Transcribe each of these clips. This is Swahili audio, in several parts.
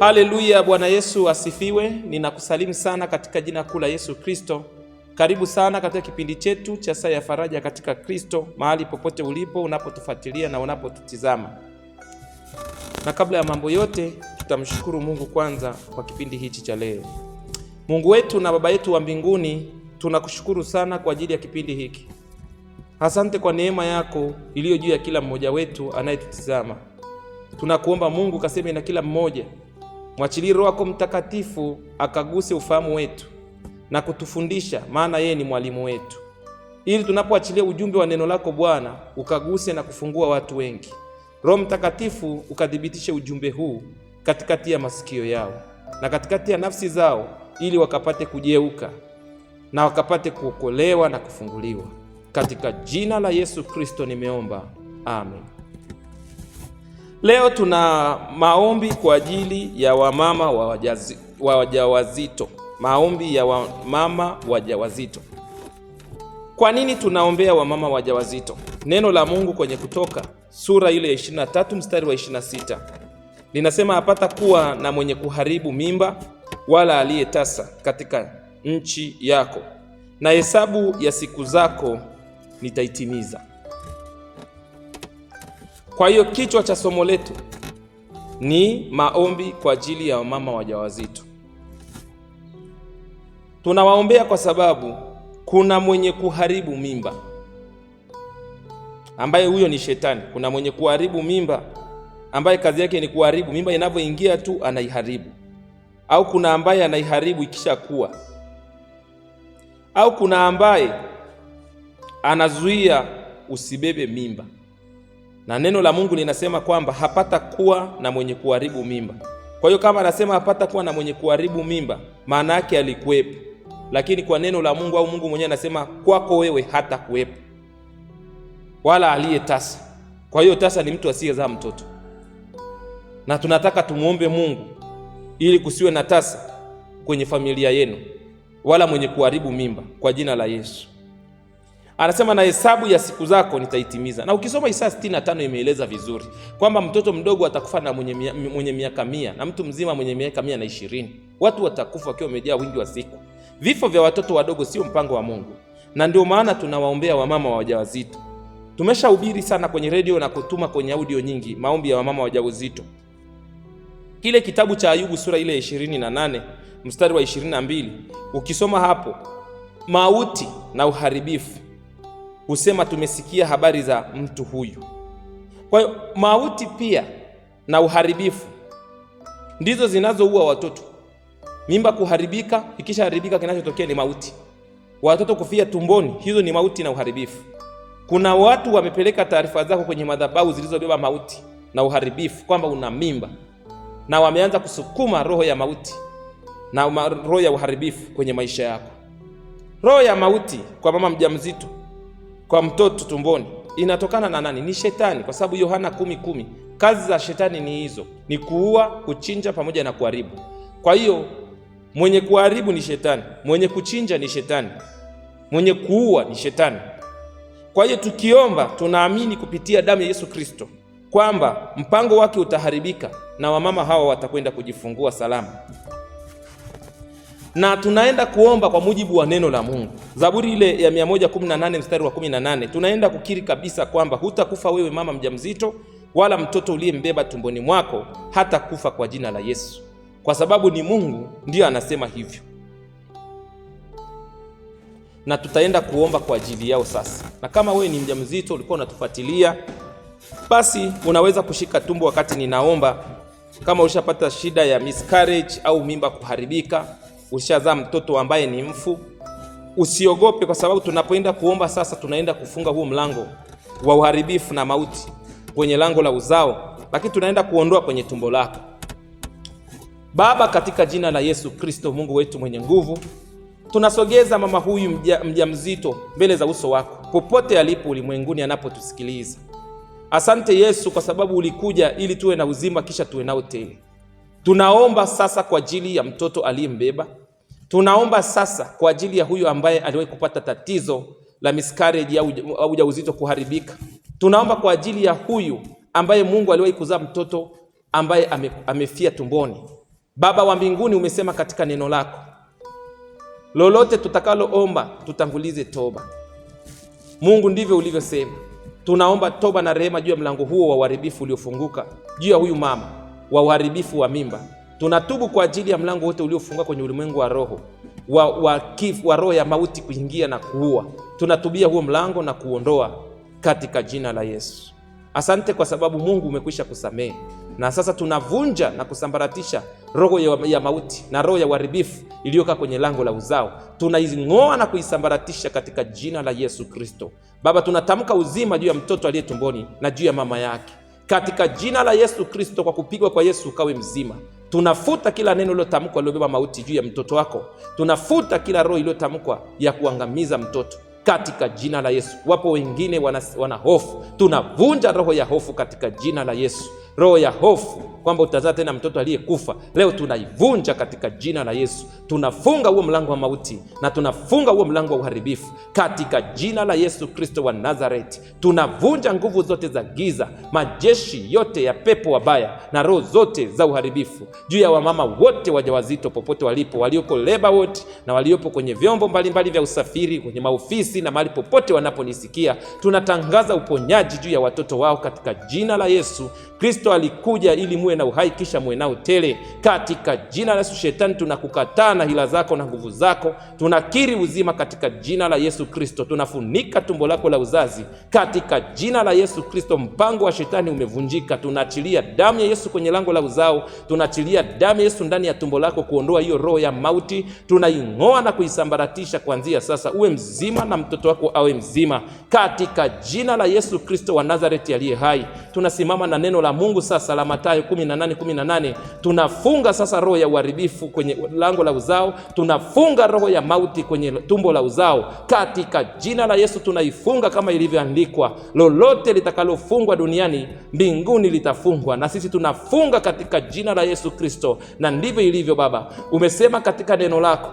Haleluya, Bwana Yesu asifiwe. Ninakusalimu sana katika jina kuu la Yesu Kristo. Karibu sana katika kipindi chetu cha Saa ya Faraja katika Kristo, mahali popote ulipo, unapotufuatilia na unapotutizama. Na kabla ya mambo yote, tutamshukuru Mungu kwanza kwa kipindi hichi cha leo. Mungu wetu na Baba yetu wa mbinguni, tunakushukuru sana kwa ajili ya kipindi hiki. Asante kwa neema yako iliyo juu ya kila mmoja wetu anayetutizama. Tunakuomba Mungu kaseme na kila mmoja Mwachilie Roho wako Mtakatifu akaguse ufahamu wetu na kutufundisha, maana yeye ni mwalimu wetu, ili tunapoachilia ujumbe wa neno lako Bwana ukaguse na kufungua watu wengi. Roho Mtakatifu ukathibitishe ujumbe huu katikati ya masikio yao na katikati ya nafsi zao, ili wakapate kujeuka na wakapate kuokolewa na kufunguliwa. Katika jina la Yesu Kristo nimeomba, amen. Leo tuna maombi kwa ajili ya wamama wa wajawazito, maombi ya wamama wajawazito. Kwa nini tunaombea wamama wajawazito? Neno la Mungu kwenye Kutoka sura ile ya 23 mstari wa 26 linasema, apata kuwa na mwenye kuharibu mimba wala aliyetasa katika nchi yako, na hesabu ya siku zako nitaitimiza. Kwa hiyo kichwa cha somo letu ni maombi kwa ajili ya wamama wajawazito. Tunawaombea kwa sababu kuna mwenye kuharibu mimba ambaye huyo ni shetani. Kuna mwenye kuharibu mimba ambaye kazi yake ni kuharibu mimba, inavyoingia tu anaiharibu, au kuna ambaye anaiharibu ikishakuwa, au kuna ambaye anazuia usibebe mimba na neno la Mungu linasema kwamba hapata kuwa na mwenye kuharibu mimba. Kwa hiyo kama anasema hapata kuwa na mwenye kuharibu mimba, maana yake alikuwepo, lakini kwa neno la Mungu au Mungu mwenyewe anasema kwako wewe hata kuwepo wala aliye tasa. Kwa hiyo tasa ni mtu asiyezaa mtoto, na tunataka tumwombe Mungu ili kusiwe na tasa kwenye familia yenu wala mwenye kuharibu mimba kwa jina la Yesu anasema na hesabu ya siku zako nitaitimiza. Na ukisoma Isaya tano imeeleza vizuri kwamba mtoto mdogo atakufa na mwenye mwenye miaka mia na mtu mzima mwenye miaka mia na ishirini. Watu watakufa wakiwa wamejaa wingi wa siku. Vifo vya watoto wadogo sio mpango wa Mungu, na ndio maana tunawaombea wamama wa wajawazito. Tumeshahubiri sana kwenye redio na kutuma kwenye audio nyingi maombi ya wamama wajawazito. Kile kitabu cha Ayubu sura ile na nane mstari wa mbili ukisoma hapo, mauti na uharibifu husema tumesikia habari za mtu huyu. Kwa hiyo mauti pia na uharibifu ndizo zinazoua watoto. Mimba kuharibika, ikishaharibika kinachotokea ni mauti. Watoto kufia tumboni, hizo ni mauti na uharibifu. Kuna watu wamepeleka taarifa zako kwenye madhabahu zilizobeba mauti na uharibifu kwamba una mimba, na wameanza kusukuma roho ya mauti na roho ya uharibifu kwenye maisha yako. Roho ya mauti kwa mama mjamzito kwa mtoto tumboni inatokana na nani? Ni shetani, kwa sababu Yohana kumi kumi, kazi za shetani ni hizo, ni kuua, kuchinja pamoja na kuharibu. Kwa hiyo mwenye kuharibu ni shetani, mwenye kuchinja ni shetani, mwenye kuua ni shetani. Kwa hiyo tukiomba, tunaamini kupitia damu ya Yesu Kristo kwamba mpango wake utaharibika na wamama hawa watakwenda kujifungua salama na tunaenda kuomba kwa mujibu wa neno la Mungu. Zaburi ile ya 118 mstari wa 18, tunaenda kukiri kabisa kwamba hutakufa wewe mama mjamzito, wala mtoto uliyembeba tumboni mwako hata kufa kwa jina la Yesu, kwa sababu ni Mungu ndiyo anasema hivyo, na tutaenda kuomba kwa ajili yao. Sasa na kama wewe ni mjamzito, ulikuwa unatufuatilia, basi unaweza kushika tumbo wakati ninaomba, kama ulishapata shida ya miscarriage au mimba kuharibika ushazaa mtoto ambaye ni mfu. Usiogope, kwa sababu tunapoenda kuomba sasa, tunaenda kufunga huo mlango wa uharibifu na mauti kwenye lango la uzao, lakini tunaenda kuondoa kwenye tumbo lako. Baba, katika jina la Yesu Kristo, Mungu wetu mwenye nguvu, tunasogeza mama huyu mja, mzito mbele za uso wako, popote alipo ulimwenguni anapotusikiliza. Asante Yesu, kwa sababu ulikuja ili tuwe na uzima, kisha tuwe nao tele Tunaomba sasa kwa ajili ya mtoto aliyembeba. Tunaomba sasa kwa ajili ya huyu ambaye aliwahi kupata tatizo la miscarriage au ujauzito kuharibika. Tunaomba kwa ajili ya huyu ambaye Mungu aliwahi kuzaa mtoto ambaye ame, amefia tumboni. Baba wa mbinguni, umesema katika neno lako, lolote tutakaloomba tutangulize toba. Mungu, ndivyo ulivyosema. Tunaomba toba na rehema juu ya mlango huo wa uharibifu uliofunguka juu ya huyu mama wa uharibifu wa mimba. Tunatubu kwa ajili ya mlango wote uliofungwa kwenye ulimwengu wa roho wa, wa, wa roho ya mauti kuingia na kuua. Tunatubia huo mlango na kuondoa katika jina la Yesu. Asante kwa sababu Mungu umekwisha kusamehe, na sasa tunavunja na kusambaratisha roho ya, ya mauti na roho ya uharibifu iliyokaa kwenye lango la uzao, tunaing'oa na kuisambaratisha katika jina la Yesu Kristo. Baba, tunatamka uzima juu ya mtoto aliye tumboni na juu ya mama yake katika jina la Yesu Kristo, kwa kupigwa kwa Yesu ukawe mzima. Tunafuta kila neno iliyotamkwa iliyobeba mauti juu ya mtoto wako. Tunafuta kila roho iliyotamkwa ya kuangamiza mtoto katika jina la Yesu. Wapo wengine wana, wana hofu, tunavunja roho ya hofu katika jina la Yesu roho ya hofu kwamba utazaa tena mtoto aliyekufa, leo tunaivunja katika jina la Yesu. Tunafunga huo mlango wa mauti na tunafunga huo mlango wa uharibifu katika jina la Yesu Kristo wa Nazareti. Tunavunja nguvu zote za giza, majeshi yote ya pepo wabaya na roho zote za uharibifu juu ya wamama wote wajawazito popote walipo, walioko leba wote na waliopo kwenye vyombo mbalimbali mbali vya usafiri, kwenye maofisi na mahali popote wanaponisikia, tunatangaza uponyaji juu ya watoto wao katika jina la Yesu Kristo Kristo alikuja ili muwe na uhai kisha muwe nao tele. Katika jina la Yesu, Shetani, tunakukataa na hila zako na nguvu zako. Tunakiri uzima katika jina la Yesu Kristo. Tunafunika tumbo lako la uzazi katika jina la Yesu Kristo. Mpango wa shetani umevunjika. Tunaachilia damu ya Yesu kwenye lango la uzao, tunaachilia damu ya Yesu ndani ya tumbo lako kuondoa hiyo roho ya mauti. Tunaing'oa na kuisambaratisha kuanzia sasa. Uwe mzima na mtoto wako awe mzima katika jina la Yesu Kristo wa Nazareti aliye hai. Tunasimama na neno la Mungu Mungu sasa la Mathayo 18 18, tunafunga sasa roho ya uharibifu kwenye lango la uzao, tunafunga roho ya mauti kwenye tumbo la uzao katika jina la Yesu tunaifunga, kama ilivyoandikwa, lolote litakalofungwa duniani mbinguni litafungwa, na sisi tunafunga katika jina la Yesu Kristo. Na ndivyo ilivyo. Baba, umesema katika neno lako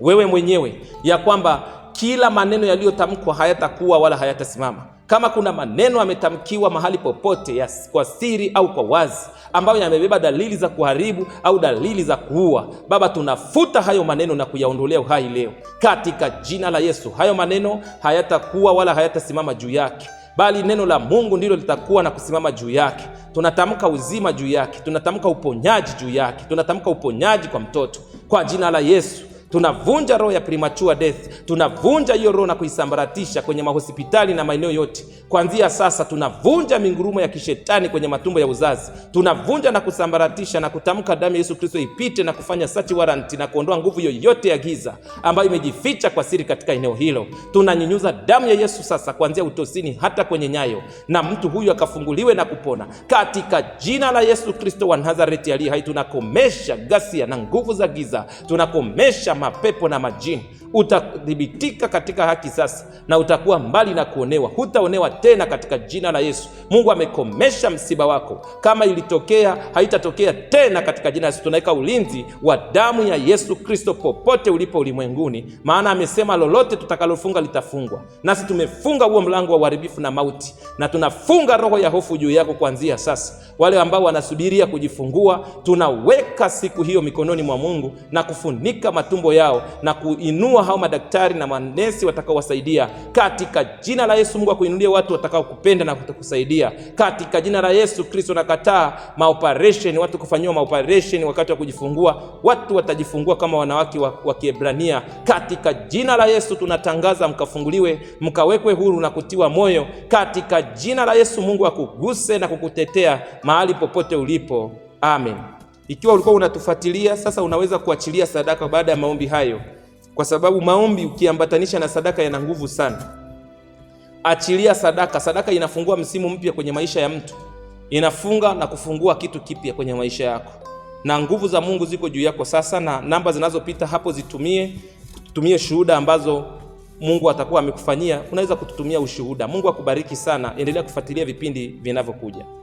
wewe mwenyewe ya kwamba kila maneno yaliyotamkwa hayatakuwa wala hayatasimama kama kuna maneno ametamkiwa mahali popote ya kwa siri au kwa wazi, ambayo yamebeba dalili za kuharibu au dalili za kuua, Baba, tunafuta hayo maneno na kuyaondolea uhai leo katika jina la Yesu. Hayo maneno hayatakuwa wala hayatasimama juu yake, bali neno la Mungu ndilo litakuwa na kusimama juu yake. Tunatamka uzima juu yake, tunatamka uponyaji juu yake, tunatamka uponyaji kwa mtoto kwa jina la Yesu tunavunja roho ya premature death, tunavunja hiyo roho na kuisambaratisha kwenye mahospitali na maeneo yote. Kuanzia sasa, tunavunja mingurumo ya kishetani kwenye matumbo ya uzazi, tunavunja na kusambaratisha na kutamka damu ya Yesu Kristo ipite na kufanya search warrant na kuondoa nguvu yoyote ya giza ambayo imejificha kwa siri katika eneo hilo. Tunanyunyuza damu ya Yesu sasa, kuanzia utosini hata kwenye nyayo, na mtu huyu akafunguliwe na kupona katika jina la Yesu Kristo wa Nazareti aliye hai. Tunakomesha ghasia na nguvu za giza, tunakomesha mapepo na majini. Utathibitika katika haki sasa, na utakuwa mbali na kuonewa, hutaonewa tena katika jina la Yesu. Mungu amekomesha msiba wako, kama ilitokea haitatokea tena katika jina la Yesu. Tunaweka ulinzi wa damu ya Yesu Kristo popote ulipo ulimwenguni, maana amesema lolote tutakalofunga litafungwa, nasi tumefunga huo mlango wa uharibifu na mauti, na tunafunga roho ya hofu juu yako kuanzia sasa. Wale ambao wanasubiria kujifungua, tunaweka siku hiyo mikononi mwa Mungu na kufunika matumbo yao na kuinua hao madaktari na manesi watakaowasaidia katika jina la Yesu. Mungu akuinulie watu watakaokupenda na kutakusaidia katika jina la Yesu Kristo. Nakataa maoperation, watu kufanyiwa maoperation wakati wa kujifungua. Watu watajifungua kama wanawake wa, wa Kiebrania katika jina la Yesu. Tunatangaza mkafunguliwe, mkawekwe huru na kutiwa moyo katika jina la Yesu. Mungu akuguse na kukutetea mahali popote ulipo, amen. Ikiwa ulikuwa unatufuatilia sasa, unaweza kuachilia sadaka baada ya maombi hayo, kwa sababu maombi ukiambatanisha na sadaka yana nguvu sana. Achilia sadaka. Sadaka inafungua msimu mpya kwenye maisha ya mtu, inafunga na kufungua kitu kipya kwenye maisha yako, na nguvu za Mungu ziko juu yako sasa. Na namba zinazopita hapo zitumie, tumie shuhuda ambazo Mungu atakuwa amekufanyia. Unaweza kututumia ushuhuda. Mungu akubariki sana, endelea kufuatilia vipindi vinavyokuja.